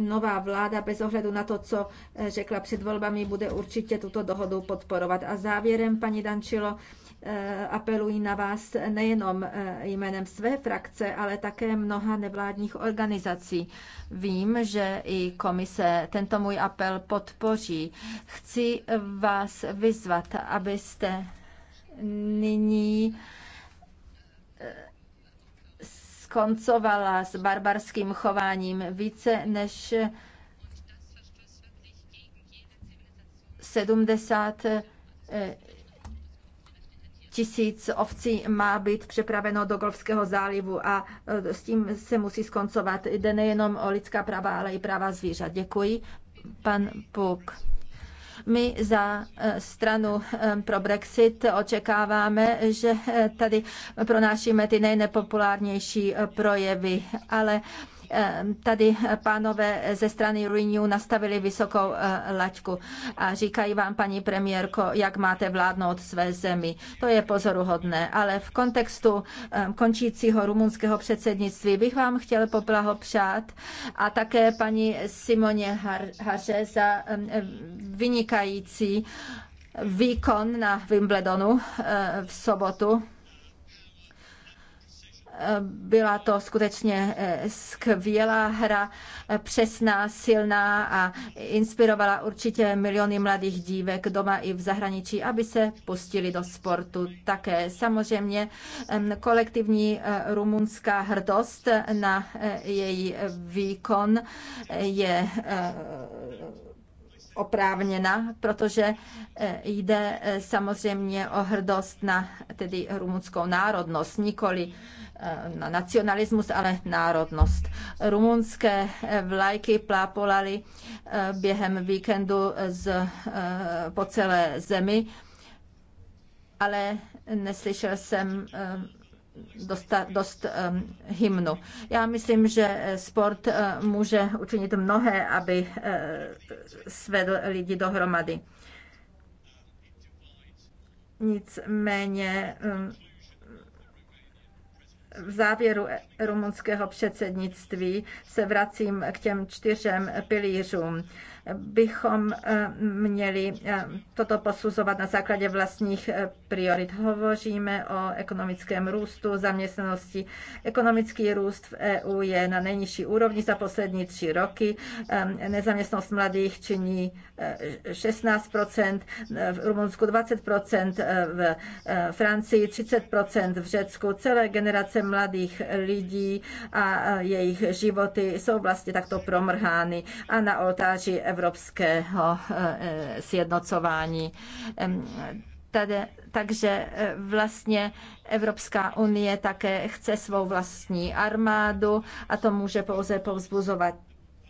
nová vláda bez ohledu na to, co řekla před volbami, bude určitě tuto dohodu podporovat. A závěrem, paní Dančilo, Eh, apelují na vás nejenom eh, jménem své frakce, ale také mnoha nevládních organizací. Vím, že i komise tento můj apel podpoří. Chci vás vyzvat, abyste nyní eh, skoncovala s barbarským chováním více než 70 tisíc ovcí má být přepraveno do Golfského zálivu a e, s tím se musí skoncovat. Jde nejenom o lidská práva, ale i práva zvířat. Děkuji. Pan Puk. My za e, stranu e, pro Brexit očekáváme, že tady pronášíme ty nejnepopulárnější projevy, ale Ehm, tady eh, pánové ze strany Renew nastavili vysokou eh, laťku a říkají vám, paní premiérko, jak máte vládnout své zemi. To je pozoruhodné, ale v kontextu ehm, končícího rumunského předsednictví bych vám chtěl poblahopřát a také paní Simoně Haře za ehm, vynikající výkon na Wimbledonu eh, v sobotu byla to skutečně eh, skvělá hra, eh, přesná, silná a inspirovala určitě miliony mladých dívek doma i v zahraničí, aby se pustili do sportu také. Samozřejmě kolektivní eh, rumunská hrdost na její výkon je oprávněna, protože jde samozřejmě o hrdost na tedy rumunskou národnost, nikoli Eh, na nacionalismus, ale národnost. Rumunské vlajky plápolaly eh, během víkendu z, eh, po celé zemi, ale neslyšel jsem dost, dost hymnu. Já myslím, že sport může učinit mnohé, aby svedl lidi dohromady. Nicméně hm, v závěru rumunského předsednictví se vracím k těm čtyřem pilířům bychom eh, měli eh, toto posuzovat na základě vlastních eh, priorit. Hovoříme o ekonomickém růstu, zaměstnanosti. Ekonomický růst v EU je na nejnižší úrovni za poslední tři roky. nezaměstnanost mladých činí 16 v Rumunsku 20 v Francii 30 v Řecku. Celé generace mladých lidí a jejich životy jsou vlastně takto promrhány a na oltáři evropského eh, sjednocování. Tady, takže eh, vlastně Evropská unie také chce svou vlastní armádu a to může pouze povzbuzovat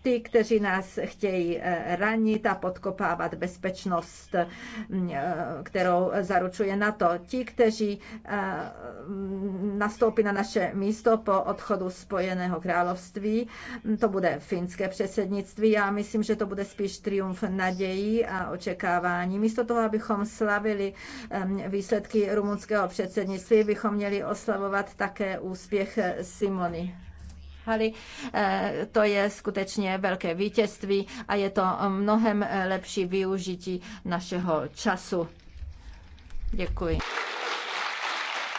ty, kteří nás chtějí eh, ranit a podkopávat bezpečnost, mm, eh, kterou zaručuje NATO. Ti, kteří eh, mm, nastoupí na naše místo po odchodu Spojeného království, mm, to bude finské předsednictví. Já myslím, že to bude spíš triumf nadějí a očekávání. Místo toho, abychom slavili výsledky rumunského předsednictví, bychom měli oslavovat také úspěch Simony. Hali. Eh, to je skutečně velké vítězství a je to mnohem lepší využití našeho času. Děkuji.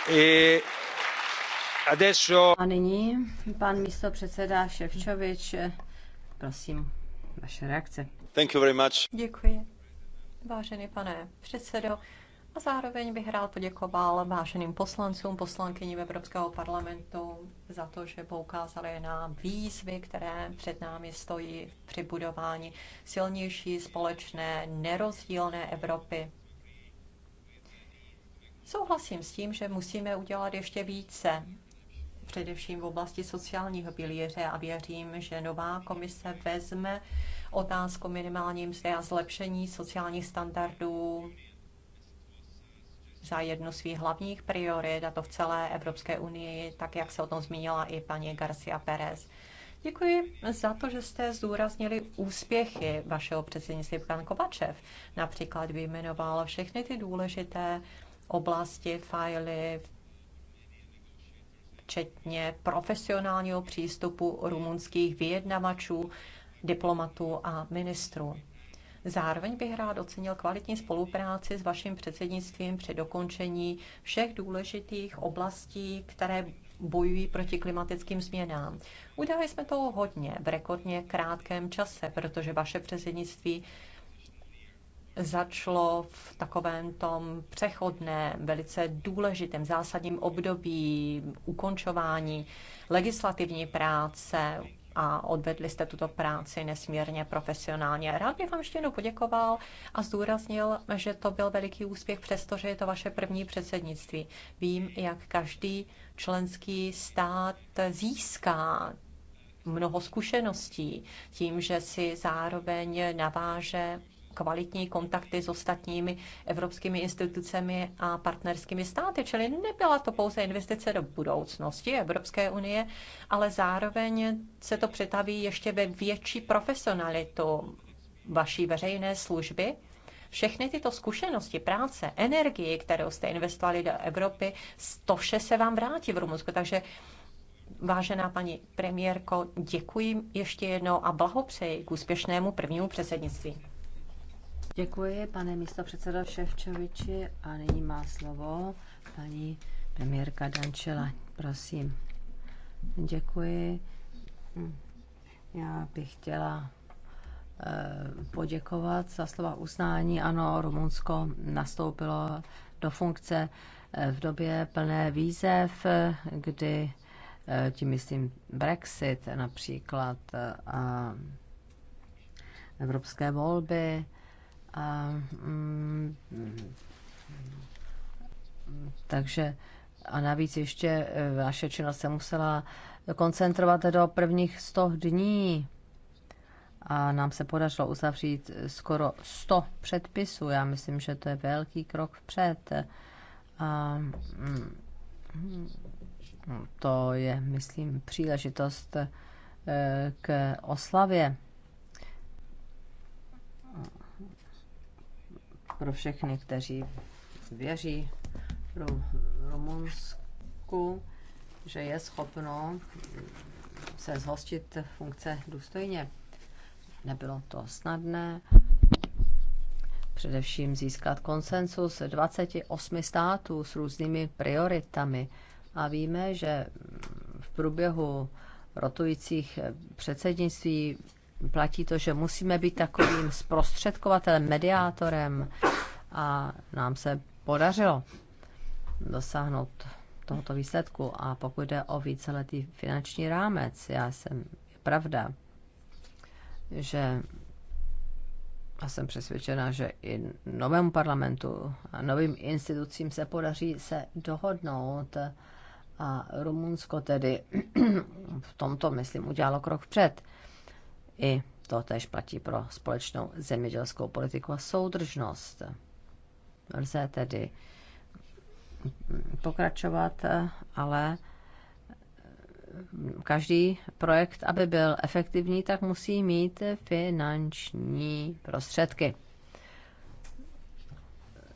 I... Eh, adesso... A nyní pan místo předseda Ševčovič. Eh, prosím, vaše reakce. Thank you very much. Děkuji. Vážený pane předsedo, a zároveň bych rád poděkoval váženým poslancům, poslankyním Evropského parlamentu za to, že poukázali na výzvy, které před námi stojí při budování silnější, společné, nerozdílné Evropy. Souhlasím s tím, že musíme udělat ještě více, především v oblasti sociálního pilíře a věřím, že nová komise vezme otázku minimální mzdy a zlepšení sociálních standardů za jednu svých hlavních priorit, a to v celé Evropské unii, tak jak se o tom zmínila i paní Garcia Pérez. Děkuji za to, že jste zdůraznili úspěchy vašeho předsednictví. Pan Kovačev například vyjmenoval všechny ty důležité oblasti, fajly, včetně profesionálního přístupu rumunských vyjednavačů, diplomatů a ministrů. Zároveň bych rád ocenil kvalitní spolupráci s vaším předsednictvím při dokončení všech důležitých oblastí, které bojují proti klimatickým změnám. Udělali jsme toho hodně v rekordně krátkém čase, protože vaše předsednictví začalo v takovém tom přechodném, velice důležitém, zásadním období ukončování legislativní práce, a odvedli jste tuto práci nesmírně profesionálně. Rád bych vám ještě jednou poděkoval a zdůraznil, že to byl veliký úspěch, přestože je to vaše první předsednictví. Vím, jak každý členský stát získá mnoho zkušeností tím, že si zároveň naváže kvalitní kontakty s ostatními evropskými institucemi a partnerskými státy. Čili nebyla to pouze investice do budoucnosti Evropské unie, ale zároveň se to přetaví ještě ve větší profesionalitu vaší veřejné služby všechny tyto zkušenosti, práce, energii, kterou jste investovali do Evropy, to vše se vám vrátí v Rumunsku. Takže vážená paní premiérko, děkuji ještě jednou a blahopřeji k úspěšnému prvnímu předsednictví. Děkuji, pane místo předseda Ševčoviči. A nyní má slovo paní premiérka Dančela. Prosím. Děkuji. Já bych chtěla eh, poděkovat za slova uznání. Ano, Rumunsko nastoupilo do funkce eh, v době plné výzev, eh, kdy tím myslím Brexit například a evropské volby a, mm, takže a navíc ještě eh, vaše činnost se musela koncentrovat do prvních 100 dní. A nám se podařilo uzavřít skoro 100 předpisů. Já myslím, že to je velký krok vpřed. A mm, to je, myslím, příležitost eh, k oslavě pro všechny, kteří věří Rumunsku, že je schopno se zhostit funkce důstojně. Nebylo to snadné, především získat konsensus 28 států s různými prioritami. A víme, že v průběhu rotujících předsednictví platí to, že musíme být takovým zprostředkovatelem, mediátorem a nám se podařilo dosáhnout tohoto výsledku. A pokud jde o víceletý finanční rámec, já jsem, je pravda, že a jsem přesvědčena, že i novému parlamentu a novým institucím se podaří se dohodnout. A Rumunsko tedy <clears throat> v tomto, myslím, udělalo krok vpřed. I to tež platí pro společnou zemědělskou politiku a soudržnost. Lze tedy pokračovat, ale každý projekt, aby byl efektivní, tak musí mít finanční prostředky.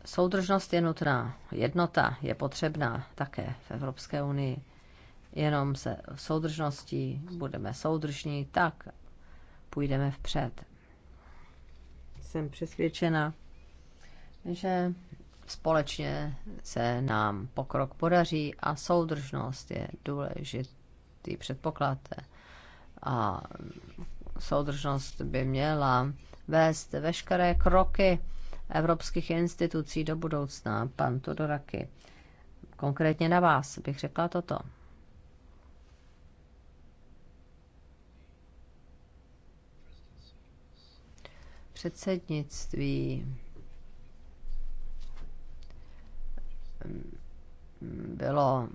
Soudržnost je nutná, jednota je potřebná také v Evropské unii. Jenom se soudržností budeme soudržní tak, půjdeme vpřed. Jsem přesvědčena, že společně se nám pokrok podaří a soudržnost je důležitý předpoklad. A soudržnost by měla vést veškeré kroky evropských institucí do budoucna. Pan Todoraky, konkrétně na vás bych řekla toto. předsednictví bylo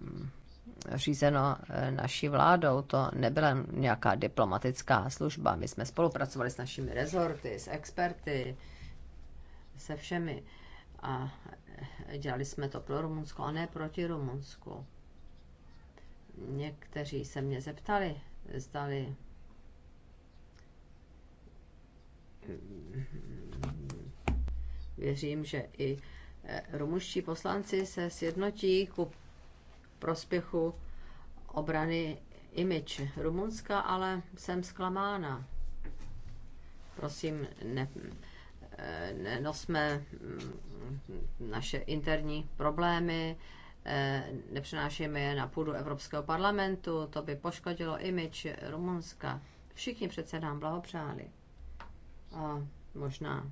řízeno eh, naší vládou, to nebyla nějaká diplomatická služba. My jsme spolupracovali s našimi rezorty, s experty, se všemi a eh, dělali jsme to pro Rumunsko a ne proti Rumunsku. Někteří se mě zeptali, zdali věřím, že i eh, rumunští poslanci se sjednotí ku prospěchu obrany image Rumunska, ale jsem zklamána. Prosím, ne, eh, nenosme mm, naše interní problémy, eh, nepřenášejme je na půdu Evropského parlamentu, to by poškodilo image Rumunska. Všichni přece nám blahopřáli. A možná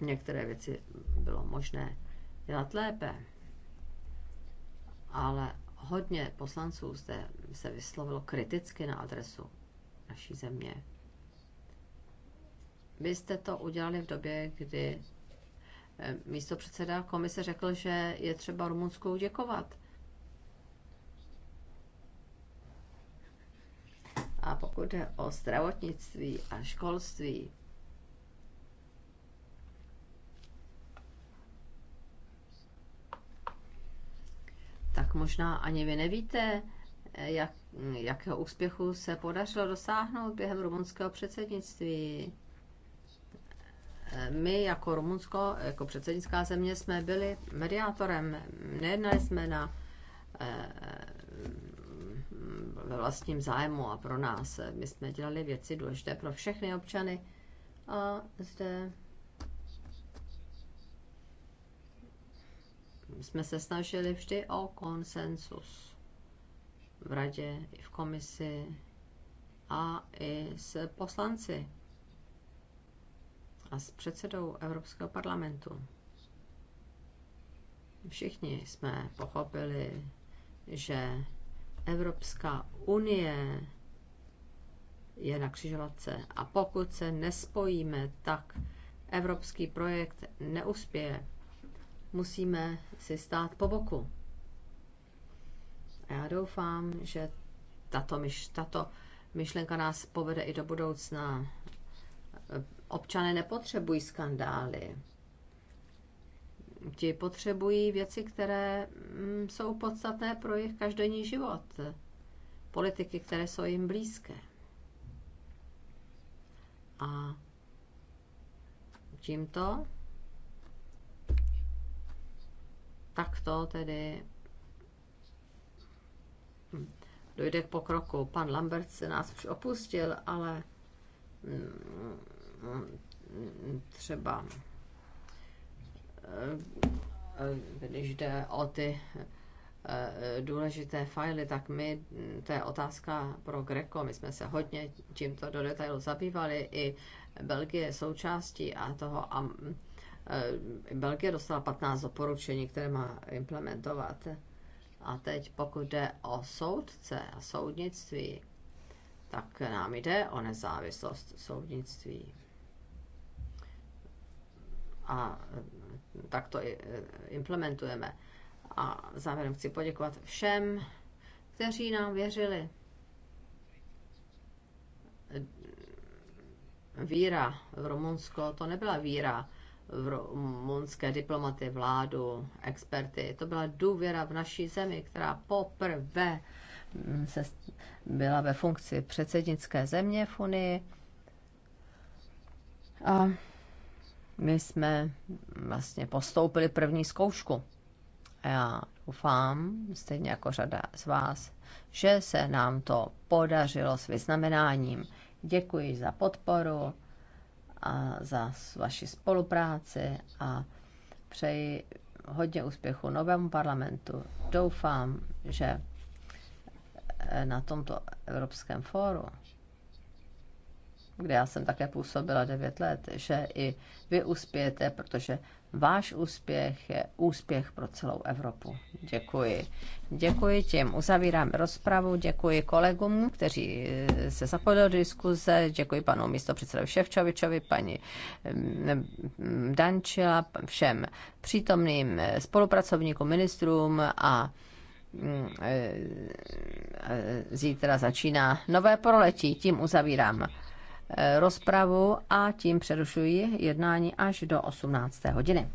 některé věci bylo možné dělat lépe. Ale hodně poslanců zde se vyslovilo kriticky na adresu naší země. Vy jste to udělali v době, kdy eh, místo předseda komise řekl, že je třeba Rumunsku děkovat. pokud jde o zdravotnictví a školství, tak možná ani vy nevíte, jak, jakého úspěchu se podařilo dosáhnout během rumunského předsednictví. My jako Rumunsko, jako předsednická země, jsme byli mediátorem. Nejednali jsme na eh, ve vlastním zájmu a pro nás. My jsme dělali věci důležité pro všechny občany a zde jsme se snažili vždy o konsensus v radě i v komisi a i s poslanci a s předsedou Evropského parlamentu. Všichni jsme pochopili, že Evropská unie je na křižovatce a pokud se nespojíme, tak evropský projekt neuspěje. Musíme si stát po boku. A já doufám, že tato, myš, tato myšlenka nás povede i do budoucna. Občané nepotřebují skandály ti potřebují věci, které mm, jsou podstatné pro jejich každodenní život. Politiky, které jsou jim blízké. A tímto takto tedy dojde k pokroku. Pan Lambert se nás už opustil, ale mm, mm, třeba Eh, když jde o ty eh, důležité fajly, tak my, to je otázka pro Greco, my jsme se hodně tímto do detailu zabývali, i Belgie součástí a toho a eh, Belgie dostala 15 doporučení, které má implementovat. A teď pokud jde o soudce a soudnictví, tak nám jde o nezávislost soudnictví a eh, tak to eh, implementujeme. A závěrem chci poděkovat všem, kteří nám věřili. Eh, víra v Rumunsko, to nebyla víra v rumunské diplomaty, vládu, experty. To byla důvěra v naší zemi, která poprvé hm, se byla ve funkci předsednické země v Unii. A my jsme vlastně postoupili první zkoušku. A já doufám, stejně jako řada z vás, že se nám to podařilo s vyznamenáním. Děkuji za podporu a za vaši spolupráci a přeji hodně úspěchu novému parlamentu. Doufám, že na tomto Evropském fóru kde já jsem také působila 9 let, že i vy uspějete, protože váš úspěch je úspěch pro celou Evropu. Děkuji. Děkuji tím. Uzavírám rozpravu. Děkuji kolegům, kteří eh, se zapojili do diskuze. Děkuji panu místopředsedovi Ševčovičovi, paní mm, Dančila, všem přítomným eh, spolupracovníkům, ministrům a mm, eh, zítra začíná nové proletí. Tím uzavírám. Eh, rozpravu a tím přerušuji jednání až do 18. hodiny.